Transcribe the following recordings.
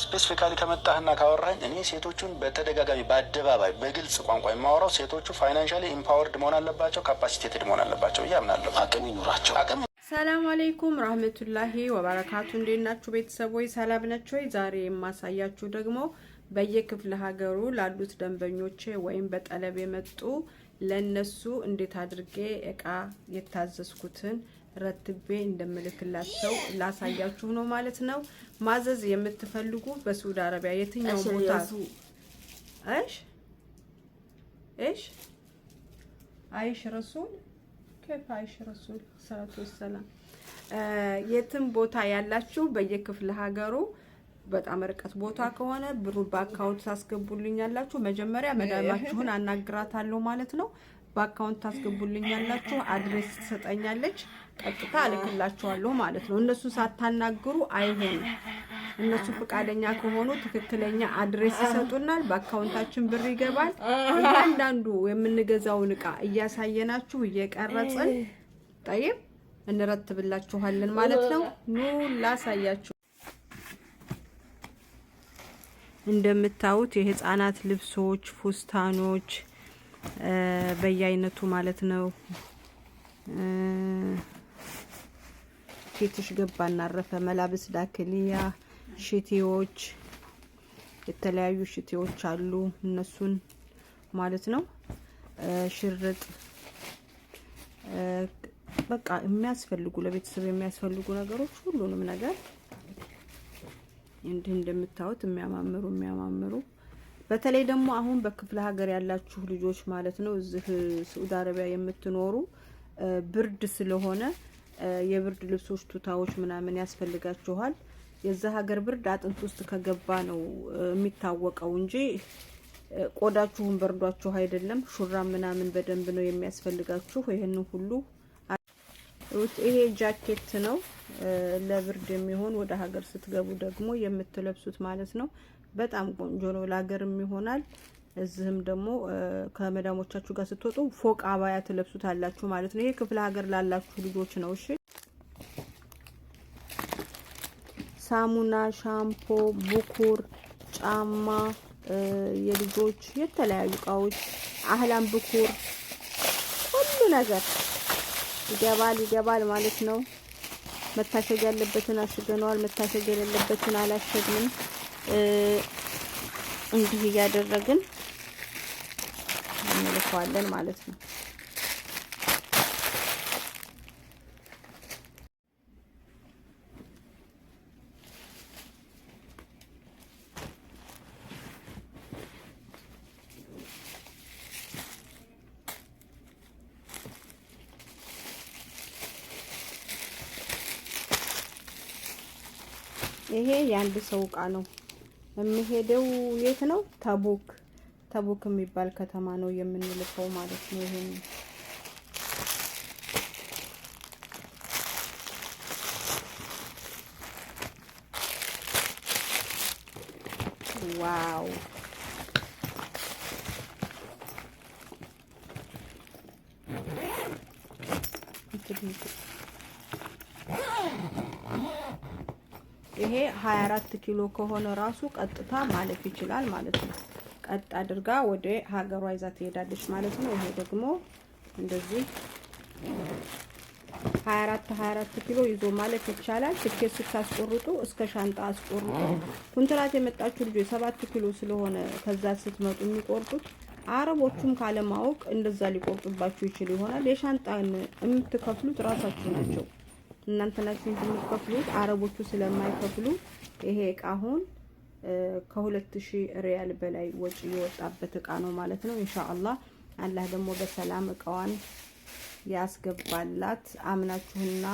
ስፔሲፊካሊ ከመጣህና ካወራኝ እኔ ሴቶቹን በተደጋጋሚ በአደባባይ በግልጽ ቋንቋ የማወራው ሴቶቹ ፋይናንሻሊ ኢምፓወርድ መሆን አለባቸው፣ ካፓሲቴትድ መሆን አለባቸው ብዬ አቅም ይኑራቸው። አቅም ሰላም አለይኩም ረህመቱላሂ ወበረካቱ። እንዴት ናችሁ ቤተሰቦች? ሰላም ወይ? ዛሬ የማሳያችሁ ደግሞ በየክፍለ ሀገሩ ላሉት ደንበኞቼ ወይም በጠለብ የመጡ ለነሱ እንዴት አድርጌ እቃ የታዘዝኩትን ረትቤ እንደምልክላቸው ላሳያችሁ ነው ማለት ነው። ማዘዝ የምትፈልጉ በሳውዲ አረቢያ የትኛው ቦታ እሽ እሽ አይሽ ረሱል ከፍ አይሽ ረሱል ሰላቱ ወሰላም የትም ቦታ ያላችሁ በየክፍለ ሀገሩ በጣም ርቀት ቦታ ከሆነ ብሩ በአካውንት ታስገቡልኝ መጀመሪያ መዳማችሁን አናግራታለሁ ማለት ነው። በአካውንት ታስገቡልኛላችሁ፣ አድሬስ ትሰጠኛለች፣ ቀጥታ አልክላችኋለሁ ማለት ነው። እነሱን ሳታናግሩ አይሆንም። እነሱ ፈቃደኛ ከሆኑ ትክክለኛ አድሬስ ይሰጡናል፣ በአካውንታችን ብር ይገባል። እያንዳንዱ የምንገዛውን እቃ እያሳየናችሁ እየቀረጽን ጠይብ እንረትብላችኋለን ማለት ነው። ኑ ላሳያችሁ። እንደምታዩት የህፃናት ልብሶች፣ ፉስታኖች በየአይነቱ ማለት ነው። ፊትሽ ገባ እናረፈ መላብስ ዳክልያ ሽቴዎች፣ የተለያዩ ሽቴዎች አሉ እነሱን ማለት ነው። ሽርጥ በቃ የሚያስፈልጉ ለቤተሰብ የሚያስፈልጉ ነገሮች ሁሉንም ነገር እንዲህ እንደምታዩት የሚያማምሩ የሚያማምሩ በተለይ ደግሞ አሁን በክፍለ ሀገር ያላችሁ ልጆች ማለት ነው እዚህ ስዑድ አረቢያ የምትኖሩ ብርድ ስለሆነ የብርድ ልብሶች፣ ቱታዎች ምናምን ያስፈልጋችኋል። የዛ ሀገር ብርድ አጥንት ውስጥ ከገባ ነው የሚታወቀው እንጂ ቆዳችሁን በርዷችሁ አይደለም። ሹራ ምናምን በደንብ ነው የሚያስፈልጋችሁ። ይህን ሁሉ ይሄ ጃኬት ነው ለብርድ የሚሆን ወደ ሀገር ስትገቡ ደግሞ የምትለብሱት ማለት ነው። በጣም ቆንጆ ነው። ለሀገርም ይሆናል። እዚህም ደግሞ ከመዳሞቻችሁ ጋር ስትወጡ ፎቅ አባያ ትለብሱታላችሁ ማለት ነው። ይሄ ክፍለ ሀገር ላላችሁ ልጆች ነው። እሺ ሳሙና፣ ሻምፖ፣ ብኩር፣ ጫማ፣ የልጆች የተለያዩ እቃዎች፣ አህላም ብኩር፣ ሁሉ ነገር ይገባል ይገባል ማለት ነው። መታሸግ ያለበትን አሽገነዋል። መታሸግ የሌለበትን አላሸግንም። እንዲህ እያደረግን እንልከዋለን ማለት ነው። ይሄ የአንድ ሰው እቃ ነው። የሚሄደው የት ነው? ተቡክ ተቡክ የሚባል ከተማ ነው የምንልከው ማለት ነው። ይሄን ዋው እንግዲህ ይሄ 24 ኪሎ ከሆነ ራሱ ቀጥታ ማለፍ ይችላል ማለት ነው። ቀጥ አድርጋ ወደ ሀገሯ ይዛ ትሄዳለች ማለት ነው። ይሄ ደግሞ እንደዚህ 24 24 ኪሎ ይዞ ማለፍ ይቻላል። ትኬት ስታስቆርጡ እስከ ሻንጣ አስቆርጡ። ኩንትራት የመጣችሁ ልጆች 7 ኪሎ ስለሆነ ከዛ ስትመጡ የሚቆርጡት አረቦቹም ካለማወቅ እንደዛ ሊቆርጡባችሁ ይችሉ ይሆናል። የሻንጣን የምትከፍሉት ራሳችሁ ናቸው። እናንተ ናችሁ የምትከፍሉት፣ አረቦቹ ስለማይከፍሉ ይሄ እቃ አሁን ከሁለት ሺህ ሪያል በላይ ወጪ የወጣበት እቃ ነው ማለት ነው። ኢንሻአላህ አላህ ደግሞ በሰላም እቃዋን ያስገባላት። አምናችሁና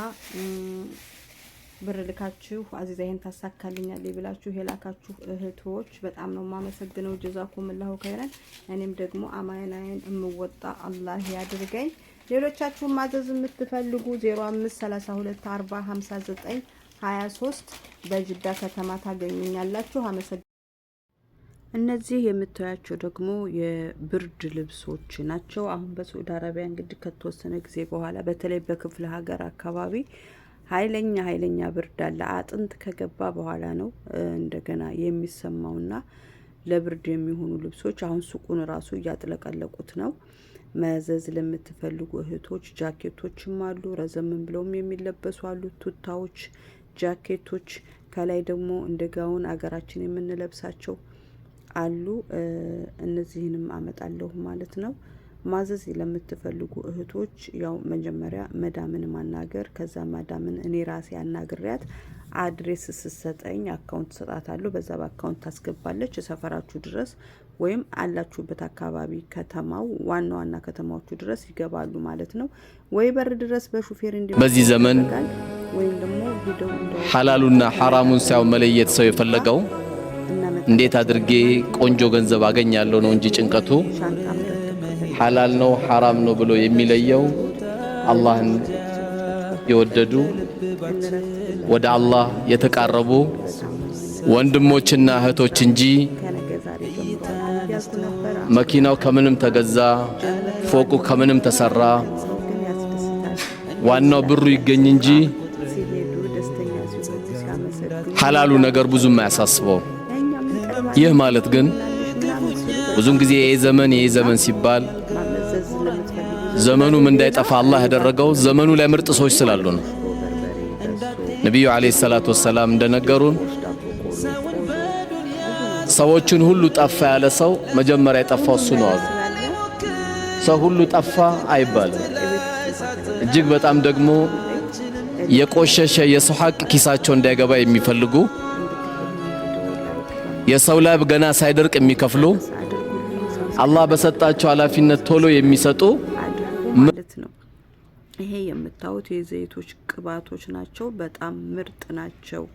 ብር ልካችሁ አዚዛ ይሄን ታሳካልኛል ብላችሁ የላካችሁ እህቶች በጣም ነው የማመሰግነው። ጀዛኩም ላሁ ከይረን። እኔም ደግሞ አማናዬን እምወጣ አላህ ያድርገኝ። ሌሎቻችሁን ማዘዝ የምትፈልጉ 0532405923 በጅዳ ከተማ ታገኙኛላችሁ። እነዚህ የምታያቸው ደግሞ የብርድ ልብሶች ናቸው። አሁን በሳዑዲ አረቢያ እንግዲህ ከተወሰነ ጊዜ በኋላ በተለይ በክፍለ ሀገር አካባቢ ኃይለኛ ኃይለኛ ብርድ አለ። አጥንት ከገባ በኋላ ነው እንደገና የሚሰማውና ለብርድ የሚሆኑ ልብሶች አሁን ሱቁን ራሱ እያጥለቀለቁት ነው። መዘዝ ለምትፈልጉ እህቶች ጃኬቶችም አሉ። ረዘምን ብለውም የሚለበሱ አሉ። ቱታዎች፣ ጃኬቶች ከላይ ደግሞ እንደ ጋውን አገራችን የምንለብሳቸው አሉ። እነዚህንም አመጣለሁ ማለት ነው። ማዘዝ ለምትፈልጉ እህቶች ያው መጀመሪያ መዳምን ማናገር፣ ከዛ መዳምን እኔ ራሴ አናግሪያት አድሬስ ስሰጠኝ አካውንት ሰጣታለሁ። በዛ በአካውንት ታስገባለች ሰፈራችሁ ድረስ ወይም አላችሁበት አካባቢ ከተማው ዋና ዋና ከተማዎቹ ድረስ ይገባሉ ማለት ነው። ወይ በር ድረስ በሹፌር እንዲ በዚህ ዘመን ወይም ደግሞ ሂደው ሐላሉና ሐራሙን ሳይሆን መለየት ሰው የፈለገው እንዴት አድርጌ ቆንጆ ገንዘብ አገኛለሁ ነው እንጂ ጭንቀቱ ሐላል ነው ሐራም ነው ብሎ የሚለየው አላህን የወደዱ ወደ አላህ የተቃረቡ ወንድሞችና እህቶች እንጂ መኪናው ከምንም ተገዛ፣ ፎቁ ከምንም ተሰራ፣ ዋናው ብሩ ይገኝ እንጂ ሐላሉ ነገር ብዙም አያሳስበው። ይህ ማለት ግን ብዙን ጊዜ ይህ ዘመን ይህ ዘመን ሲባል ዘመኑም እንዳይጠፋ አላህ ያደረገው ዘመኑ ላይ ምርጥ ሰዎች ስላሉ ነው። ነቢዩ ዓለይሂ ሰላቱ ወሰላም እንደነገሩን ሰዎችን ሁሉ ጠፋ ያለ ሰው መጀመሪያ የጠፋው እሱ ነው አሉ። ሰው ሁሉ ጠፋ አይባልም። እጅግ በጣም ደግሞ የቆሸሸ የሰው ሐቅ ኪሳቸው እንዳይገባ የሚፈልጉ የሰው ላብ ገና ሳይደርቅ የሚከፍሉ አላህ በሰጣቸው ኃላፊነት ቶሎ የሚሰጡ ማለት ነው። ይሄ የምታዩት የዘይቶች ቅባቶች ናቸው። በጣም ምርጥ ናቸው።